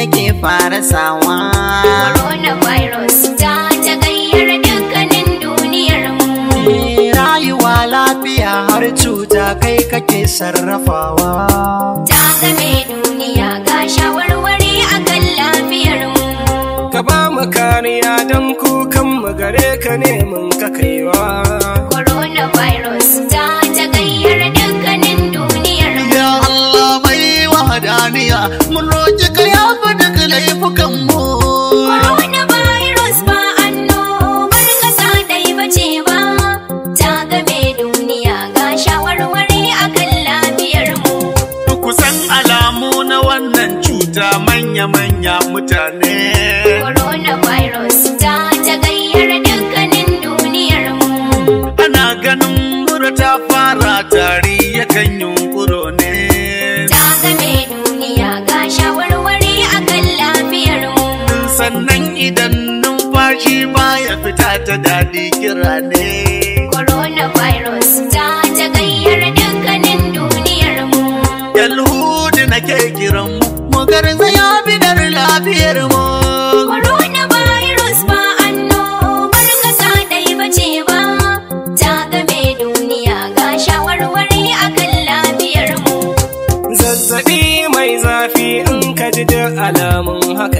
nake fara sawa. Coronavirus ta ta gayyar dukkanin duniyar mu. Rayuwa lafiya har cuta kai kake sarrafawa. Ta game duniya ga shawarwari kan lafiyar mu. Ka ba mu kariya don kukan mu gare ka neman ka kaiwa. Coronavirus ta duniya mun roƙi ka yafa ka laifukan mu corona virus ba annobar kasa dai bace ba ta game duniya ga shawarwari akan lafiyar mu kusan alamu na wannan cuta manya manya mutane corona virus ta tagayyar dukkanin duniyar mu ana ganin mura ta fara tare idan numfashi ba ya fita ta daɗi kira ne. Coronavirus ta ta gayyar dukkanin duniyar mu. Yalhudu nake kiran mu, mu garzaya bidar lafiyar ba annobar kasa ɗaya bace ba, ta game duniya ga shawarwari akan lafiyarmu. mu. Zazzaɓi mai zafi in ka ji duk alamun haka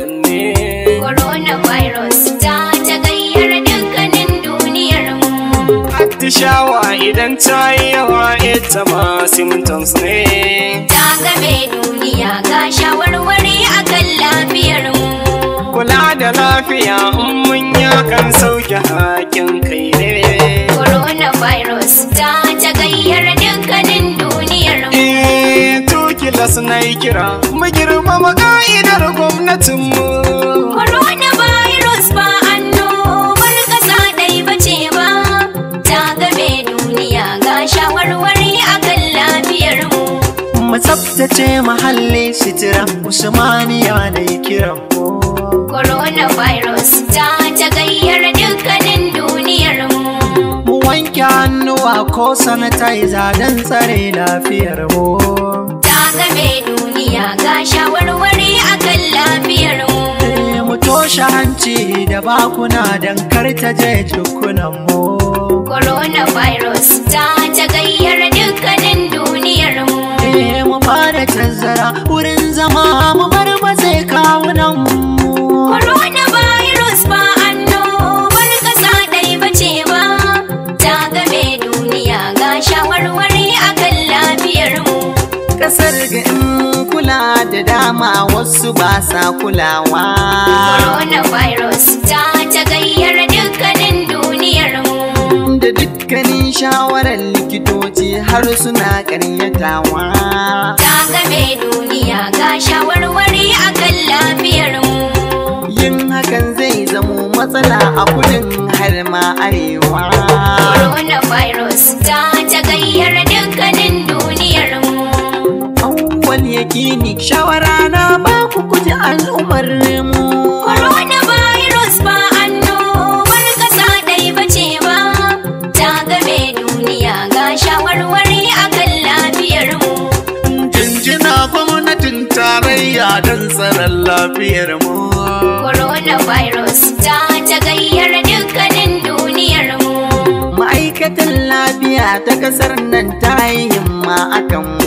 Shawa idan ta yi yawa ita ma symptoms ne. Ta game duniya ga shawarwari akan lafiyar mu. Kula da lafiya in mun kan sauke hakin kai ne. Coronavirus ta ta gayyar dukkanin duniyar mu. Eh, to kila kira mu girmama ka'idar gwamnatinmu. ita ce mahalli sitira usmaniya ne kiran mu coronavirus ta gayyar dukkanin duniyar mu wanke hannuwa ko sanitizer don tsare lafiyar mu ta game duniya ga shawarwari akan lafiyar mu eh, mu toshe hanci da bakuna don kar ta je cikunan mu coronavirus suna da dama wasu ba sa kulawa. Coronavirus ta ta gayyar dukkanin duniyar mu. Da dukkanin shawarar likitoci har suna karyatawa. Ta game duniya ga shawarwari a kan lafiyar mu. Yin hakan zai zamo matsala a kudin har ma arewa. Coronavirus ta addini shawara na ba ku kuji al'ummar mu corona virus ba annobar kasa dai bace ba ta game duniya ga shawarwari akan lafiyar mu jinjina gwamnatin tarayya don tsaron lafiyar mu corona virus ta gayyar dukkanin duniyar mu ma'aikatan lafiya ta kasar nan ta yi himma akan